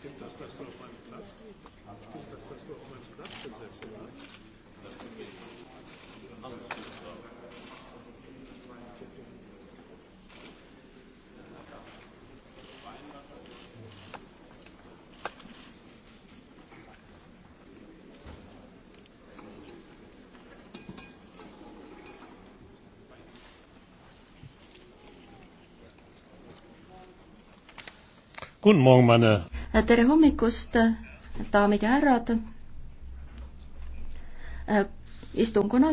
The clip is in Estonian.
Stimmt das, dass du auf meinem Platz, stimmt das, dass du auf meinem Platz gesessen hast? Alles ist drauf. Guten Morgen, meine tere hommikust, daamid ja härrad. istung on alanud.